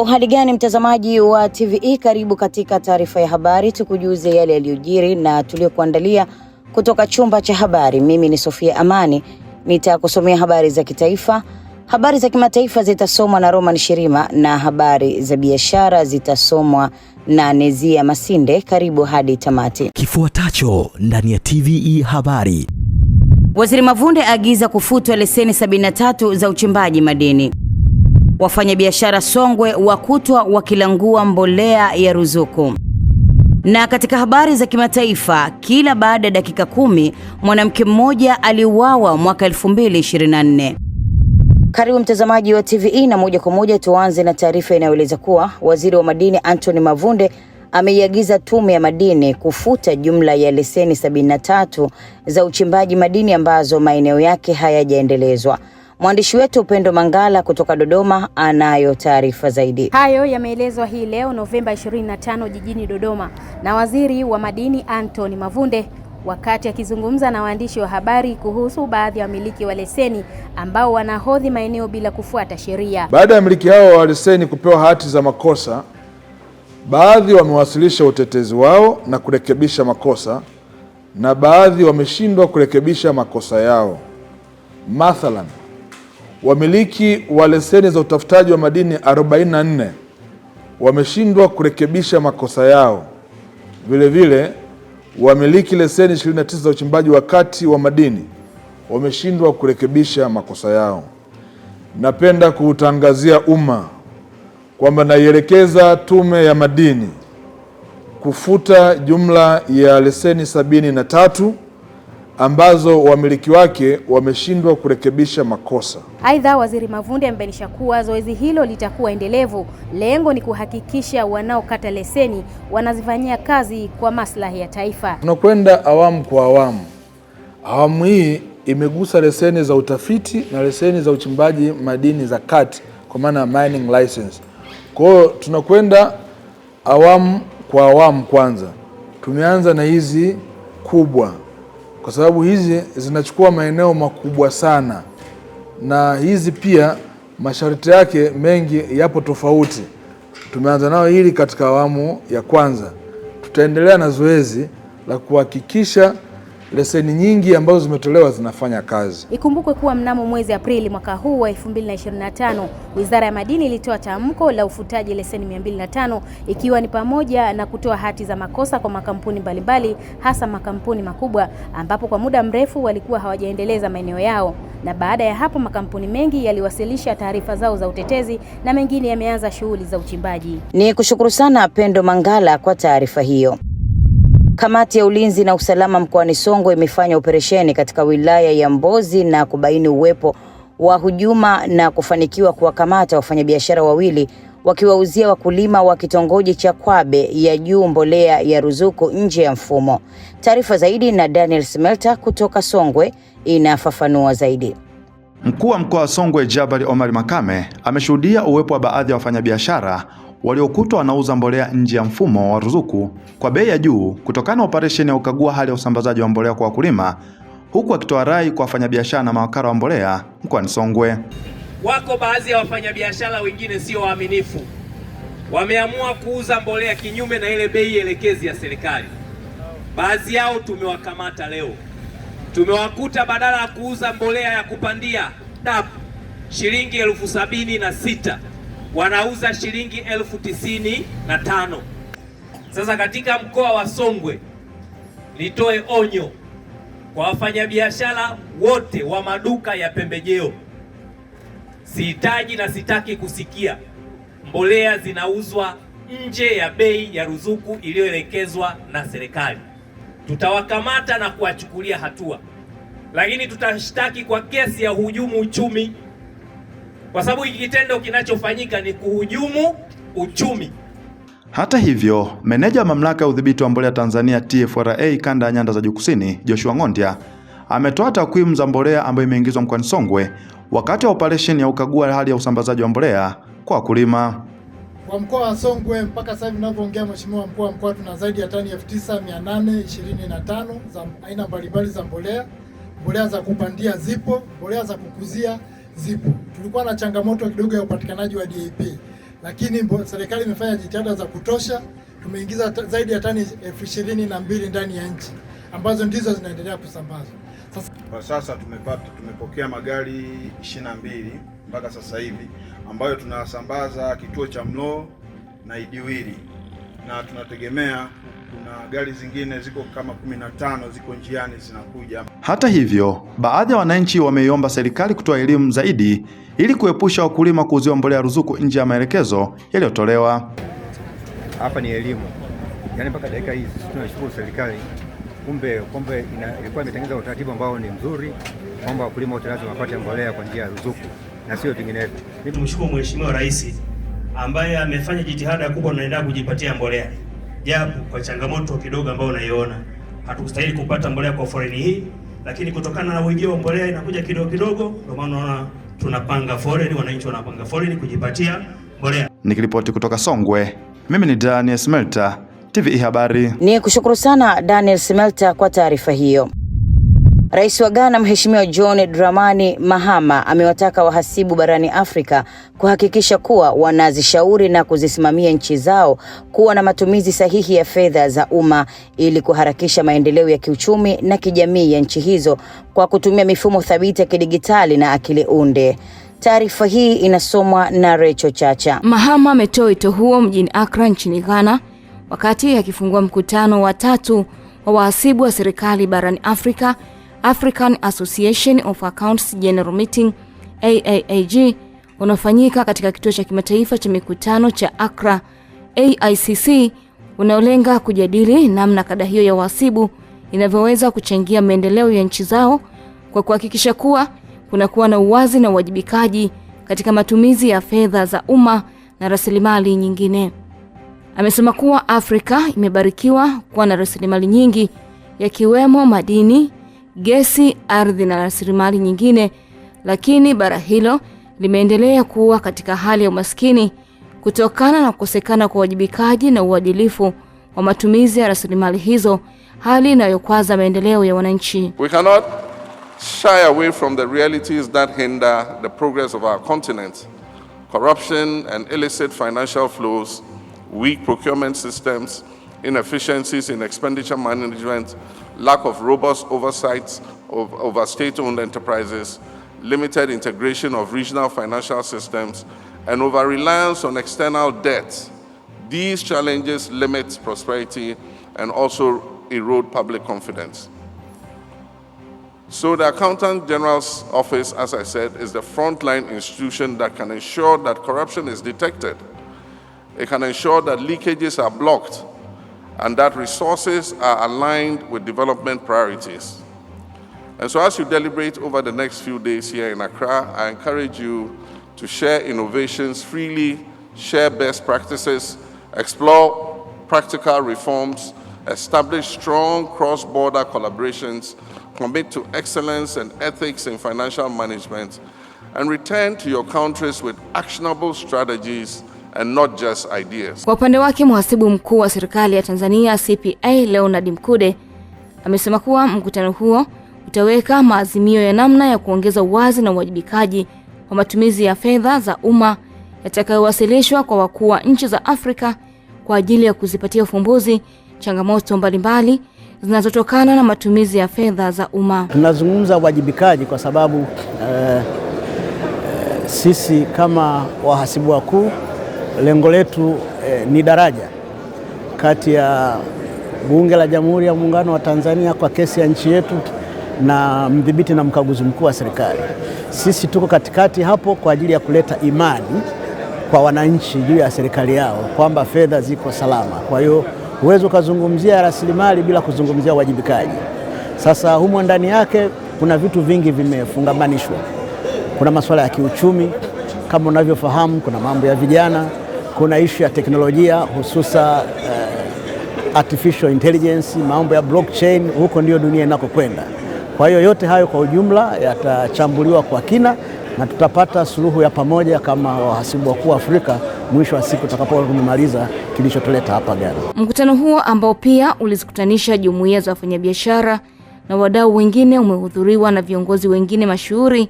Uhali gani mtazamaji wa TVE, karibu katika taarifa ya habari, tukujuze yale yaliyojiri na tuliyokuandalia kutoka chumba cha habari. Mimi ni Sofia Amani, nitakusomea habari za kitaifa. Habari za kimataifa zitasomwa na Roman Shirima na habari za biashara zitasomwa na Nezia Masinde. Karibu hadi tamati. Kifuatacho ndani ya TVE habari. Waziri Mavunde aagiza kufutwa leseni 73 za uchimbaji madini. Wafanyabiashara Songwe wakutwa wakilangua mbolea ya ruzuku. Na katika habari za kimataifa, kila baada ya dakika kumi mwanamke mmoja aliuawa mwaka 2024. Karibu mtazamaji wa TVE na moja kwa moja tuanze na taarifa inayoeleza kuwa waziri wa madini Anthony Mavunde ameiagiza tume ya madini kufuta jumla ya leseni 73 za uchimbaji madini ambazo maeneo yake hayajaendelezwa. Mwandishi wetu Upendo Mangala kutoka Dodoma anayo taarifa zaidi. Hayo yameelezwa hii leo Novemba 25 jijini Dodoma na Waziri wa Madini Anthony Mavunde wakati akizungumza na waandishi wa habari kuhusu baadhi ya wamiliki wa leseni ambao wanahodhi maeneo bila kufuata sheria. Baada ya wamiliki hao wa leseni kupewa hati za makosa, baadhi wamewasilisha utetezi wao na kurekebisha makosa na baadhi wameshindwa kurekebisha makosa yao. Mathalan, Wamiliki wa leseni za utafutaji wa madini 44 wameshindwa kurekebisha makosa yao. Vilevile, wamiliki leseni 29 za uchimbaji wa kati wa madini wameshindwa kurekebisha makosa yao. Napenda kuutangazia umma kwamba naielekeza Tume ya Madini kufuta jumla ya leseni sabini na tatu ambazo wamiliki wake wameshindwa kurekebisha makosa. Aidha, Waziri Mavunde amebainisha kuwa zoezi hilo litakuwa endelevu. Lengo ni kuhakikisha wanaokata leseni wanazifanyia kazi kwa maslahi ya taifa. Tunakwenda awamu kwa awamu. Awamu hii imegusa leseni za utafiti na leseni za uchimbaji madini za kati, kwa maana mining license. Kwa hiyo tunakwenda awamu kwa awamu. Kwanza tumeanza na hizi kubwa kwa sababu hizi zinachukua maeneo makubwa sana, na hizi pia masharti yake mengi yapo tofauti. Tumeanza nao hili katika awamu ya kwanza, tutaendelea na zoezi la kuhakikisha leseni nyingi ambazo zimetolewa zinafanya kazi. Ikumbukwe kuwa mnamo mwezi Aprili mwaka huu wa 2025 Wizara ya Madini ilitoa tamko la ufutaji leseni 205 ikiwa ni pamoja na kutoa hati za makosa kwa makampuni mbalimbali hasa makampuni makubwa ambapo kwa muda mrefu walikuwa hawajaendeleza maeneo yao, na baada ya hapo makampuni mengi yaliwasilisha taarifa zao za utetezi na mengine yameanza shughuli za uchimbaji. Ni kushukuru sana Pendo Mangala kwa taarifa hiyo. Kamati ya ulinzi na usalama mkoani Songwe imefanya operesheni katika wilaya ya Mbozi na kubaini uwepo wa hujuma na kufanikiwa kuwakamata wafanyabiashara wawili wakiwauzia wakulima wa kitongoji cha Kwabe ya juu mbolea ya ruzuku nje ya mfumo. Taarifa zaidi na Daniel Smelta kutoka Songwe inafafanua zaidi. Mkuu wa mkoa wa Songwe Jabari Omar Makame ameshuhudia uwepo wa baadhi ya wafanyabiashara waliokutwa wanauza mbolea nje ya mfumo wa ruzuku kwa bei ya juu kutokana na operesheni ya ukagua hali ya usambazaji wa mbolea kwa wakulima, huku akitoa rai kwa wafanyabiashara na mawakala wa mbolea mkoani Songwe. Wako baadhi ya wafanyabiashara wengine sio waaminifu, wameamua kuuza mbolea kinyume na ile bei elekezi ya serikali. Baadhi yao tumewakamata leo, tumewakuta badala ya kuuza mbolea ya kupandia DAP shilingi elfu sabini na sita wanauza shilingi elfu tisini na tano. Sasa katika mkoa wa Songwe, nitoe onyo kwa wafanyabiashara wote wa maduka ya pembejeo. Sihitaji na sitaki kusikia mbolea zinauzwa nje ya bei ya ruzuku iliyoelekezwa na serikali. Tutawakamata na kuwachukulia hatua, lakini tutashtaki kwa kesi ya hujumu uchumi kwa sababu hiki kitendo kinachofanyika ni kuhujumu uchumi. Hata hivyo, meneja wa mamlaka ya udhibiti wa mbolea Tanzania TFRA kanda ya Nyanda za Juu Kusini, Joshua Ng'ondia ametoa takwimu za mbolea ambayo imeingizwa mkoani Songwe wakati wa operation ya ukagua hali ya usambazaji wa mbolea kwa wakulima kwa mkoa wa Songwe. Mpaka sasa hivi ninavyoongea, mheshimiwa mkuu wa mkoa, tuna zaidi ya tani 9825 za aina mbalimbali za mbolea. Mbolea za kupandia zipo, mbolea za kukuzia zipo. Tulikuwa na changamoto kidogo ya upatikanaji wa DAP, lakini serikali imefanya jitihada za kutosha. Tumeingiza zaidi ya tani elfu ishirini na mbili ndani ya nchi ambazo ndizo zinaendelea kusambazwa sasa. Kwa sasa tumepata tumepokea magari ishirini na mbili mpaka sasa hivi ambayo tunasambaza kituo cha Mloo na Idiwili na tunategemea kuna gari zingine ziko kama 15 ziko njiani zinakuja. Hata hivyo, baadhi ya wananchi wameiomba serikali kutoa elimu zaidi ili kuepusha wakulima kuuziwa mbolea ruzuku nje ya maelekezo yaliyotolewa. Hapa ni elimu, yaani mpaka dakika hizi tunashukuru serikali, kumbe kumbe ilikuwa imetengeneza utaratibu ambao ni mzuri kwamba wakulima wote lazima wapate mbolea kwa njia ya ruzuku na sio vinginevyo. Tumshukuru Mheshimiwa Rais ambaye amefanya jitihada kubwa, naendaa kujipatia mbolea japo kwa changamoto kidogo ambayo unaiona. Hatukustahili kupata mbolea kwa foreni hii, lakini kutokana na ujio wa mbolea inakuja kidogo kidogo, ndio maana unaona tunapanga foreni, wananchi wanapanga foreni kujipatia mbolea. Nikiripoti kutoka Songwe, mimi ni Daniel Smelta, tv e Habari. Ni kushukuru sana Daniel Smelta kwa taarifa hiyo. Rais wa Ghana Mheshimiwa John Dramani Mahama amewataka wahasibu barani Afrika kuhakikisha kuwa wanazishauri na kuzisimamia nchi zao kuwa na matumizi sahihi ya fedha za umma ili kuharakisha maendeleo ya kiuchumi na kijamii ya nchi hizo kwa kutumia mifumo thabiti ya kidigitali na akili unde. Taarifa hii inasomwa na Recho Chacha. Mahama ametoa wito huo mjini Accra nchini Ghana wakati akifungua mkutano wa tatu wa wahasibu wa serikali barani Afrika African Association of Accounts General Meeting AAAG unaofanyika katika kituo cha kimataifa cha mikutano cha Accra AICC unaolenga kujadili namna kada hiyo ya uhasibu inavyoweza kuchangia maendeleo ya nchi zao kwa kuhakikisha kuwa kunakuwa na uwazi na uwajibikaji katika matumizi ya fedha za umma na rasilimali nyingine. Amesema kuwa Afrika imebarikiwa kuwa na rasilimali nyingi yakiwemo madini gesi, ardhi na rasilimali nyingine, lakini bara hilo limeendelea kuwa katika hali ya umaskini kutokana na kukosekana kwa uwajibikaji na uadilifu wa matumizi ya rasilimali hizo, hali inayokwaza maendeleo ya wananchi. We cannot shy away from the realities that hinder the progress of our continent. Corruption and illicit financial flows, weak procurement systems, inefficiencies in expenditure management lack of robust oversight of, over state-owned enterprises, limited integration of regional financial systems, and over-reliance on external debt. These challenges limit prosperity and also erode public confidence. So the Accountant General's Office, as I said, is the frontline institution that can ensure that corruption is detected. It can ensure that leakages are blocked and that resources are aligned with development priorities. And so, as you deliberate over the next few days here in Accra, I encourage you to share innovations freely, share best practices, explore practical reforms, establish strong cross border collaborations, commit to excellence and ethics in financial management, and return to your countries with actionable strategies And not just ideas. Kwa upande wake mhasibu mkuu wa serikali ya Tanzania CPA Leonard Mkude amesema kuwa mkutano huo utaweka maazimio ya namna ya kuongeza uwazi na uwajibikaji wa matumizi ya fedha za umma yatakayowasilishwa kwa wakuu wa nchi za Afrika kwa ajili ya kuzipatia ufumbuzi changamoto mbalimbali zinazotokana na matumizi ya fedha za umma. Tunazungumza uwajibikaji kwa sababu eh, eh, sisi kama wahasibu wakuu lengo letu eh, ni daraja kati ya Bunge la Jamhuri ya Muungano wa Tanzania kwa kesi ya nchi yetu na mdhibiti na mkaguzi mkuu wa serikali. Sisi tuko katikati hapo kwa ajili ya kuleta imani kwa wananchi juu ya serikali yao kwamba fedha ziko salama. Kwa hiyo huwezi ukazungumzia rasilimali bila kuzungumzia uwajibikaji. Sasa humo ndani yake kuna vitu vingi vimefungamanishwa. Kuna masuala ya kiuchumi kama unavyofahamu, kuna mambo ya vijana kuna ishu ya teknolojia hususa uh, artificial intelligence, mambo ya blockchain, huko ndio dunia inakokwenda. Kwa hiyo yote hayo kwa ujumla yatachambuliwa kwa kina na tutapata suluhu ya pamoja kama wahasibu wakuu wa Afrika mwisho wa siku tutakapomaliza kilichotuleta hapa Ghana. Mkutano huo ambao pia ulizikutanisha jumuiya za wafanyabiashara na wadau wengine umehudhuriwa na viongozi wengine mashuhuri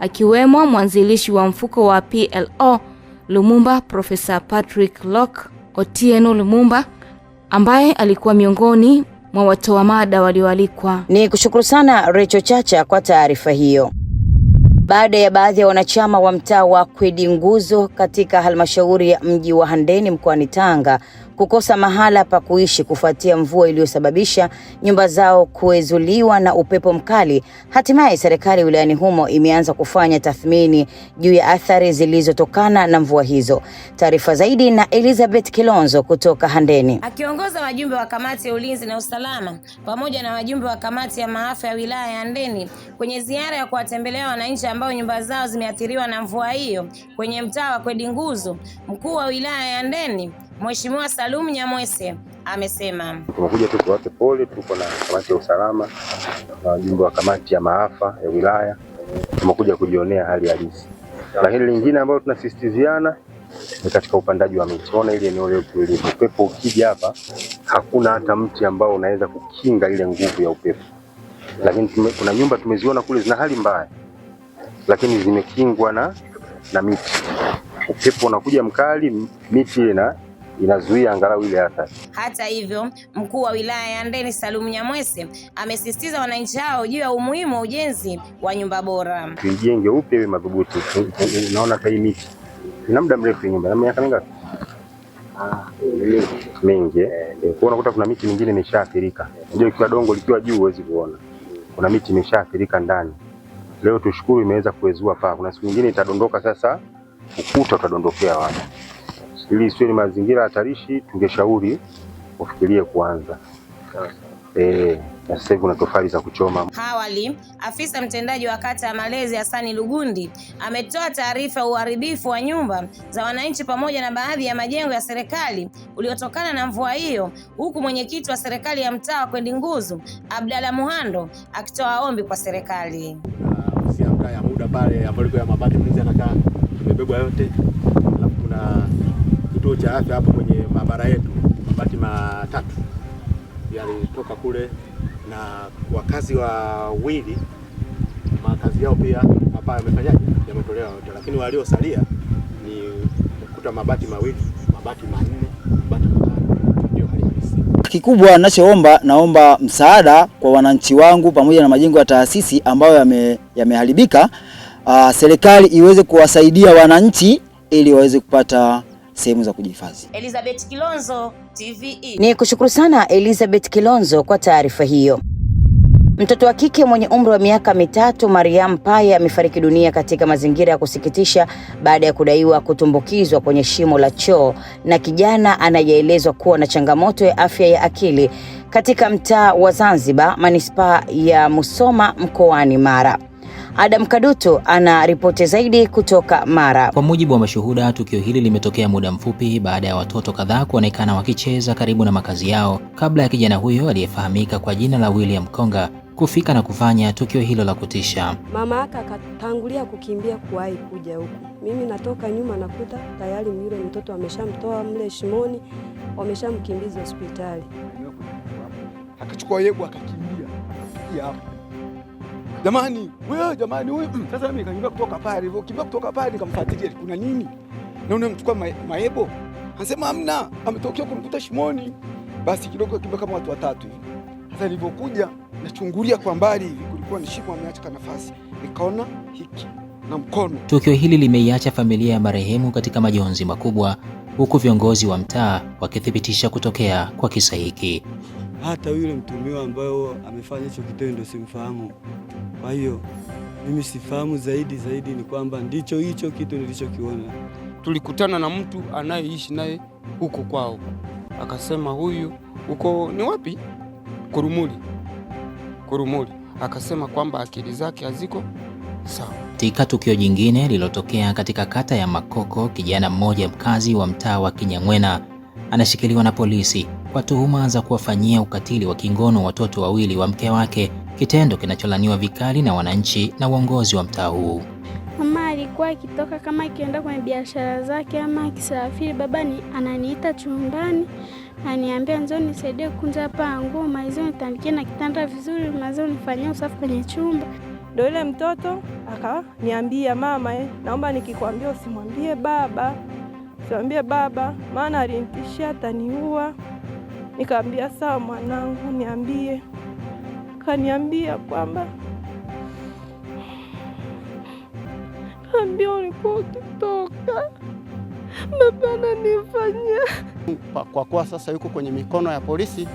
akiwemo mwanzilishi wa mfuko wa PLO Lumumba, Profesa Patrick Lok Otieno Lumumba ambaye alikuwa miongoni mwa watoa mada walioalikwa. Ni kushukuru sana Recho Chacha kwa taarifa hiyo. Baada ya baadhi ya wanachama wa mtaa wa Kwedi Nguzo katika halmashauri ya mji wa Handeni mkoani Tanga kukosa mahala pa kuishi kufuatia mvua iliyosababisha nyumba zao kuezuliwa na upepo mkali. Hatimaye serikali wilayani humo imeanza kufanya tathmini juu ya athari zilizotokana na mvua hizo. Taarifa zaidi na Elizabeth Kilonzo kutoka Handeni. Akiongoza wajumbe wa kamati ya ulinzi na usalama pamoja na wajumbe wa kamati ya maafa ya wilaya ya Handeni kwenye ziara ya kuwatembelea wananchi ambao nyumba zao zimeathiriwa na mvua hiyo kwenye mtaa wa Kwedi Nguzo, mkuu wa wilaya ya Handeni Mheshimiwa Salum Nyamwese amesema tumekuja tu tuwape pole. Tuko na kamati ya usalama na wajumbe wa kamati ya maafa ya wilaya, tumekuja kujionea hali halisi, na hili lingine ambalo tunasisitiziana ni katika upandaji wa miti. Ona ile eneo letu lilivyo, upepo ukija hapa hakuna hata mti ambao unaweza kukinga ile nguvu ya upepo, lakini kuna nyumba tumeziona kule zina hali mbaya, lakini zimekingwa na na miti. Upepo unakuja mkali, miti ina inazuia angalau ile hatari. Hata hivyo, mkuu wa wilaya ya Handeni Salum Nyamwese amesisitiza wananchi hao juu ya umuhimu wa ujenzi wa nyumba bora. Tuijenge upya iwe madhubuti. Unaona kai miti ina muda mrefu nyumba na miaka mingapi? Mingi. Eh, Unakuta kuna miti mingine imeshaathirika. Unajua, ikiwa dongo likiwa juu huwezi kuona, kuna miti imeshaathirika ndani. Leo tushukuru imeweza kuwezua paa, kuna siku nyingine itadondoka. Sasa ukuta utadondokea wapi? ili isiwe ni mazingira hatarishi, tungeshauri ufikirie kuanza eh. na sasa hivi kuna tofali za kuchoma. Awali, afisa mtendaji wa kata ya Malezi Hasani Lugundi ametoa taarifa ya uharibifu wa nyumba za wananchi pamoja na baadhi ya majengo ya serikali uliotokana na mvua hiyo, huku mwenyekiti wa serikali ya mtaa wa Kwendi Nguzu Abdalla Muhando akitoa ombi kwa serikali ya muda pale ambapo ya mabati mlinzi anakaa imebebwa yote, alafu kuna kituo cha afya hapo kwenye maabara yetu mabati matatu yalitoka kule, na wakazi wawili makazi yao pia hapa yamefanyaje, yametolewa yote, lakini waliosalia ni kuta mabati mawili, mabati manne, mabati Kikubwa ninachoomba, naomba msaada kwa wananchi wangu pamoja na majengo ya taasisi ambayo yameharibika, yame ah, serikali iweze kuwasaidia wananchi ili waweze kupata sehemu za kujihifadhi. Elizabeth Kilonzo, TVE. Ni kushukuru sana Elizabeth Kilonzo kwa taarifa hiyo. Mtoto wa kike mwenye umri wa miaka mitatu Mariam Paya amefariki dunia katika mazingira ya kusikitisha baada ya kudaiwa kutumbukizwa kwenye shimo la choo na kijana anayeelezwa kuwa na changamoto ya afya ya akili katika mtaa wa Zanzibar, manispaa ya Musoma mkoani Mara. Adam Kaduto ana ripoti zaidi kutoka Mara. Kwa mujibu wa mashuhuda, tukio hili limetokea muda mfupi baada ya watoto kadhaa kuonekana wakicheza karibu na makazi yao kabla ya kijana huyo aliyefahamika kwa jina la William Konga kufika na kufanya tukio hilo la kutisha. Mama aka akatangulia kukimbia kuwahi kuja huku, mimi natoka nyuma nakuta tayari yule mtoto ameshamtoa mle shimoni, wameshamkimbiza hospitali, akachukua yegu akakimbia jamani wewe, jamani wewe. Mm, sasa mimi nikakimbia kutoka pale hivyo, kimbia kutoka pale nikamfuatilia, kuna nini? Na unamchukua maebo, anasema amna, ametokea kumkuta shimoni. Basi kidogo kimbia kama watu watatu hivi. Sasa nilipokuja nachungulia kwa mbali hivi, kulikuwa ni shimo ameacha nafasi, nikaona hiki na mkono. Tukio hili limeiacha familia ya marehemu katika majonzi makubwa, huku viongozi wa mtaa wakithibitisha kutokea kwa kisa hiki hata yule mtumiwa ambayo amefanya hicho kitendo simfahamu. Kwa hiyo mimi sifahamu zaidi zaidi, ni kwamba ndicho hicho kitu nilichokiona. Tulikutana na mtu anayeishi naye huko kwao, akasema huyu uko ni wapi? Kurumuli, Kurumuli. Akasema kwamba akili zake haziko sawa. Katika tukio jingine lililotokea katika kata ya Makoko, kijana mmoja mkazi wa mtaa wa Kinyang'wena anashikiliwa na polisi kwa tuhuma za kuwafanyia ukatili wa kingono watoto wawili wa mke wake, kitendo kinacholaniwa vikali na wananchi na uongozi wa mtaa huu. Mama alikuwa akitoka kama akienda kwenye biashara zake ama akisafiri, baba ni ananiita chumbani, aniambia njoo nisaidie kunja hapa nguo, maizo nitandikie na kitanda vizuri, maizo nifanyie usafi kwenye chumba. Ndo ile mtoto akaniambia, mama eh, naomba nikikwambia usimwambie baba, usimwambie baba, maana alinitishia ataniua. Nikaambia sawa mwanangu, niambie. Kaniambia kwamba ambia ulikuwa ukitoka baba ananifanyia. Kwa kuwa sasa yuko kwenye mikono ya polisi,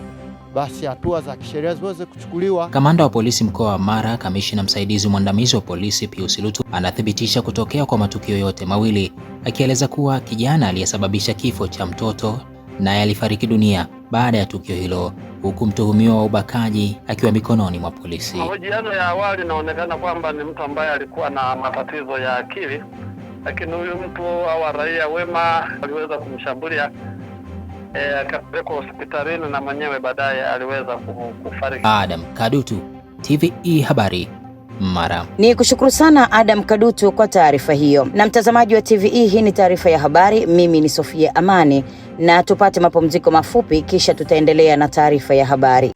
basi hatua za kisheria ziweze kuchukuliwa. Kamanda wa polisi mkoa wa Mara, kamishina msaidizi mwandamizi wa polisi Pius Lutu anathibitisha kutokea kwa matukio yote mawili, akieleza kuwa kijana aliyesababisha kifo cha mtoto naye alifariki dunia baada ya tukio hilo, huku mtuhumiwa wa ubakaji akiwa mikononi mwa polisi. Mahojiano ya awali inaonekana kwamba ni mtu ambaye alikuwa na matatizo ya akili, lakini huyu mtu awa raia wema aliweza kumshambulia e, akapelekwa e, hospitalini na mwenyewe baadaye aliweza kufariki. Adam Kadutu, TVE habari. Mara. Ni kushukuru sana Adam Kadutu kwa taarifa hiyo. Na mtazamaji wa TVE, hii ni taarifa ya habari. Mimi ni Sofia Amani, na tupate mapumziko mafupi, kisha tutaendelea na taarifa ya habari.